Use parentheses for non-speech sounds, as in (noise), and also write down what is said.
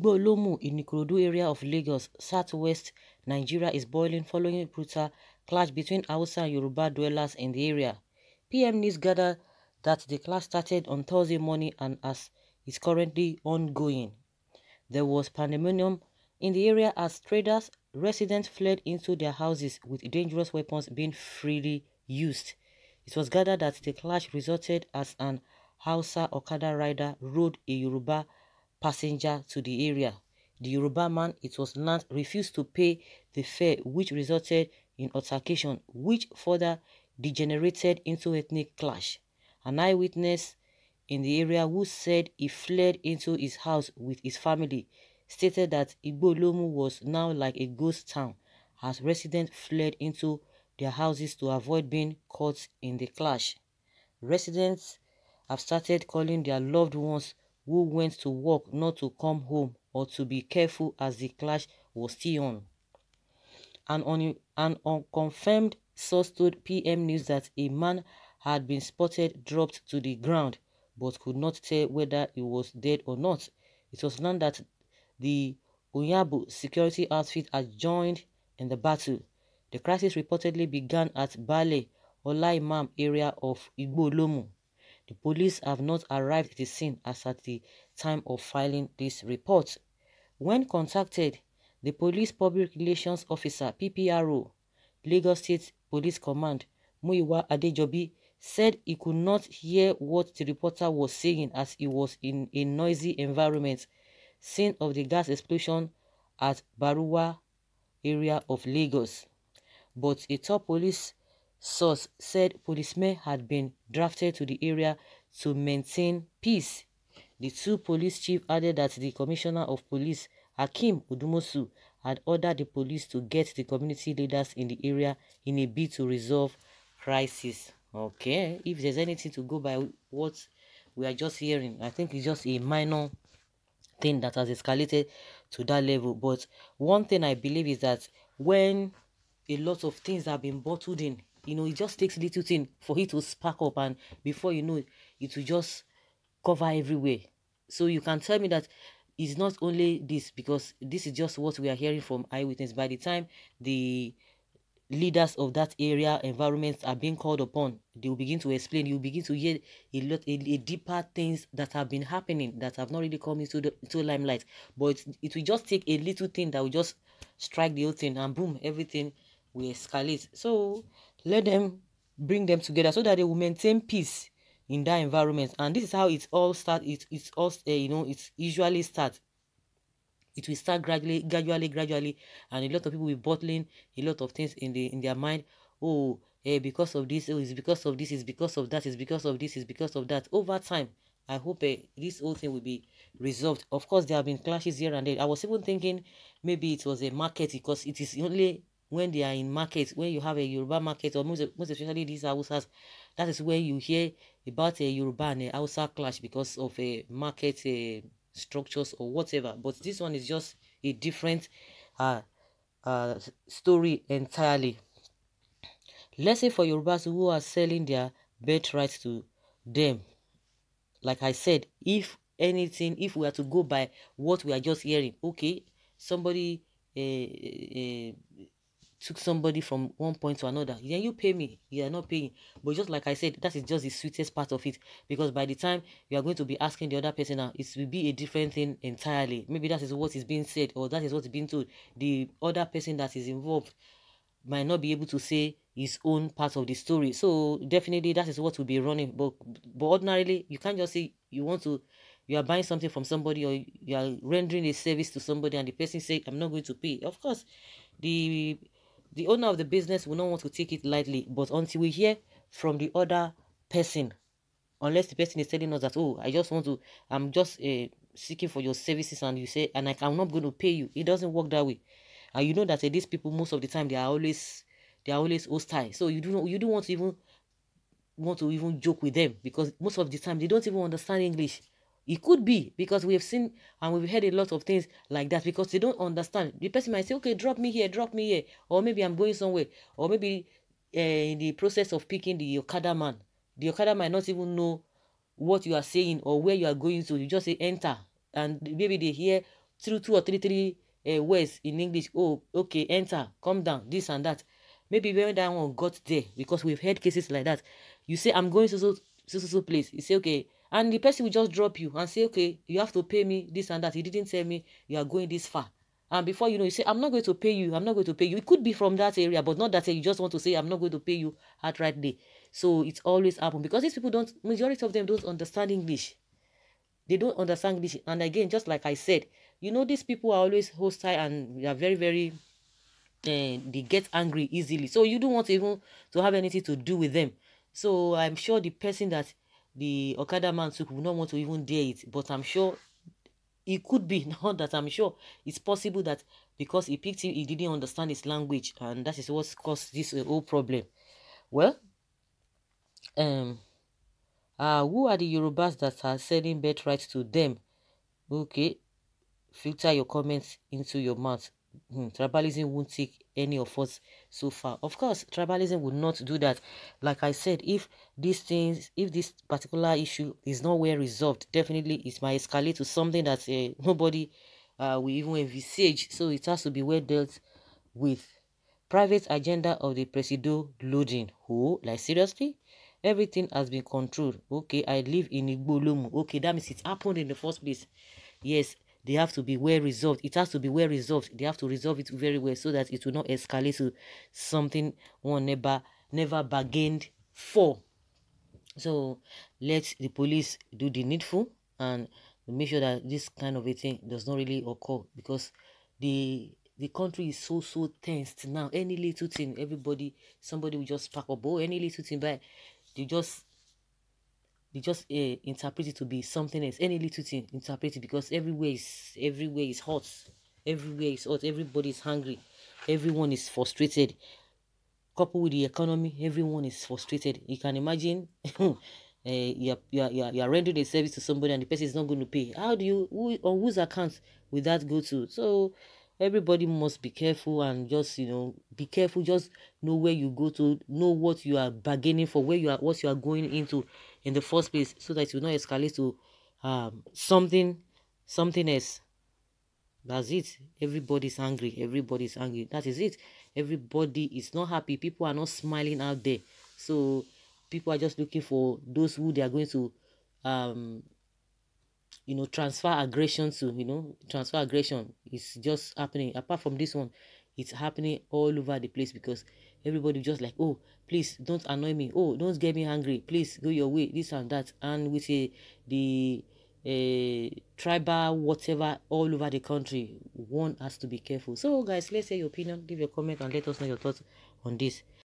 Igbo-Olomo in Ikorodu area of Lagos, southwest Nigeria is boiling following a brutal clash between Hausa and Yoruba dwellers in the area. PM News gathered that the clash started on Thursday morning and as is currently ongoing. There was pandemonium in the area as traders, residents fled into their houses with dangerous weapons being freely used. It was gathered that the clash resulted as an Hausa Okada rider rode a Yoruba passenger to the area. The Yoruba man, it was learnt refused to pay the fare which resulted in altercation which further degenerated into ethnic clash. An eyewitness in the area who said he fled into his house with his family stated that Igbolomu was now like a ghost town as residents fled into their houses to avoid being caught in the clash. Residents have started calling their loved ones who went to work not to come home or to be careful as the clash was still on. An, un an unconfirmed source told PM News that a man had been spotted dropped to the ground but could not tell whether he was dead or not. It was known that the Unyabu security outfit had joined in the battle. The crisis reportedly began at Bale, Olaimam area of Igbo Lomu. The police have not arrived at the scene as at the time of filing this report. When contacted, the Police Public Relations Officer PPRO, Lagos State Police Command, Muiwa Adejobi, said he could not hear what the reporter was saying as he was in a noisy environment, scene of the gas explosion at Barua area of Lagos. But a top police source said policemen had been drafted to the area to maintain peace. The two police chiefs added that the commissioner of police, Hakim Udumosu, had ordered the police to get the community leaders in the area in a bid to resolve crisis. Okay, if there's anything to go by what we are just hearing, I think it's just a minor thing that has escalated to that level. But one thing I believe is that when a lot of things have been bottled in you know, it just takes a little thing for it to spark up, and before you know it, it will just cover everywhere. So you can tell me that it's not only this because this is just what we are hearing from eyewitness. By the time the leaders of that area environments are being called upon, they will begin to explain. You begin to hear a lot, a, a, deeper things that have been happening that have not really come into the into limelight. But it will just take a little thing that will just strike the whole thing, and boom, everything will escalate. So let them bring them together so that they will maintain peace in that environment. And this is how it all starts. It, it's all, uh, you know, It's usually start. It will start gradually, gradually, gradually, and a lot of people will be bottling a lot of things in the in their mind. Oh, eh, because of this, oh, it's because of this, it's because of that, it's because of this, it's because of that. Over time, I hope eh, this whole thing will be resolved. Of course, there have been clashes here and there. I was even thinking maybe it was a market because it is only when they are in markets, when you have a Yoruba market, or most, most especially these Hausas, that is where you hear about a Yoruba and a Hausa clash because of a eh, market a eh, structures or whatever. But this one is just a different uh, uh, story entirely. Let's say for Yorubas who are selling their birthright to them, like I said, if anything, if we are to go by what we are just hearing, okay, somebody. Uh, uh, took somebody from one point to another then you pay me you are not paying but just like i said that is just the sweetest part of it because by the time you are going to be asking the other person now ah, it will be a different thing entirely maybe that is what is being said or that is what's being told the other person that is involved might not be able to say his own part of the story so definitely that is what will be running but but ordinarily you can't just say you want to you are buying something from somebody or you are rendering a service to somebody and the person say i'm not going to pay of course the the owner of the business will not want to take it lightly, but until we hear from the other person, unless the person is telling us that, oh, I just want to, I'm just uh, seeking for your services, and you say, and I, I'm not going to pay you. It doesn't work that way. And you know that uh, these people, most of the time, they are always, they are always hostile. So you do not, you don't want to even want to even joke with them because most of the time they don't even understand English. It could be because we have seen and we've heard a lot of things like that because they don't understand. The person might say, okay, drop me here, drop me here. Or maybe I'm going somewhere. Or maybe uh, in the process of picking the Okada man, the Okada might not even know what you are saying or where you are going to. You just say enter. And maybe they hear through two or three, three uh, words in English. Oh, okay, enter, come down, this and that. Maybe when that one got there, because we've heard cases like that, you say, I'm going to so, so, so, so place. You say, okay, and the person will just drop you and say, okay, you have to pay me this and that. He didn't tell me you are going this far. And before you know, you say, I'm not going to pay you. I'm not going to pay you. It could be from that area, but not that area. You just want to say, I'm not going to pay you at right day. So it's always happen because these people don't, majority of them don't understand English. They don't understand English. And again, just like I said, you know, these people are always hostile and they are very, very uh, they get angry easily so you don't want even to have anything to do with them so i'm sure the person that the Okada man took would not want to even dare it, but I'm sure it could be (laughs) not that I'm sure it's possible that because he picked him, he didn't understand his language, and that is what caused this uh, whole problem. Well, um, uh, who are the Yorubas that are selling birthrights to them? Okay, filter your comments into your mouth. Hmm, tribalism won't take any of us so far. Of course, tribalism would not do that. Like I said, if these things, if this particular issue is not well resolved, definitely it might escalate to something that uh, (laughs) nobody uh, will even envisage. So it has to be well dealt with. Private agenda of the presido loading. Who? Oh, like seriously? Everything has been controlled. Okay, I live in Igbolomu. Okay, that means it happened in the first place. Yes, they have to be well resolved. It has to be well resolved. They have to resolve it very well so that it will not escalate to something one never never bargained for. So let the police do the needful and make sure that this kind of a thing does not really occur because the the country is so so tensed now. Any little thing, everybody, somebody will just pack up. Oh, any little thing, but they just they just uh, interpret it to be something else. Any little thing, interpret it because everywhere is everywhere is hot. Everywhere is hot. Everybody is hungry. Everyone is frustrated. Coupled with the economy, everyone is frustrated. You can imagine. uh, (laughs) you, are, you, are, you are rendering a service to somebody and the person is not going to pay. How do you, who, on whose account will that go to? So, everybody must be careful and just you know be careful just know where you go to know what you are bargaining for where you are what you are going into in the first place so that you will not escalate to um, something something else that's it everybody's angry everybody's angry that is it everybody is not happy people are not smiling out there so people are just looking for those who they are going to um you know transfer aggression to you know transfer aggression is just happening apart from this one it's happening all over the place because everybody just like oh please don't annoy me oh don't get me angry please go your way this and that and with a, the a eh, tribal whatever all over the country one has to be careful so guys let's hear your opinion leave your comment and let us know your thoughts on this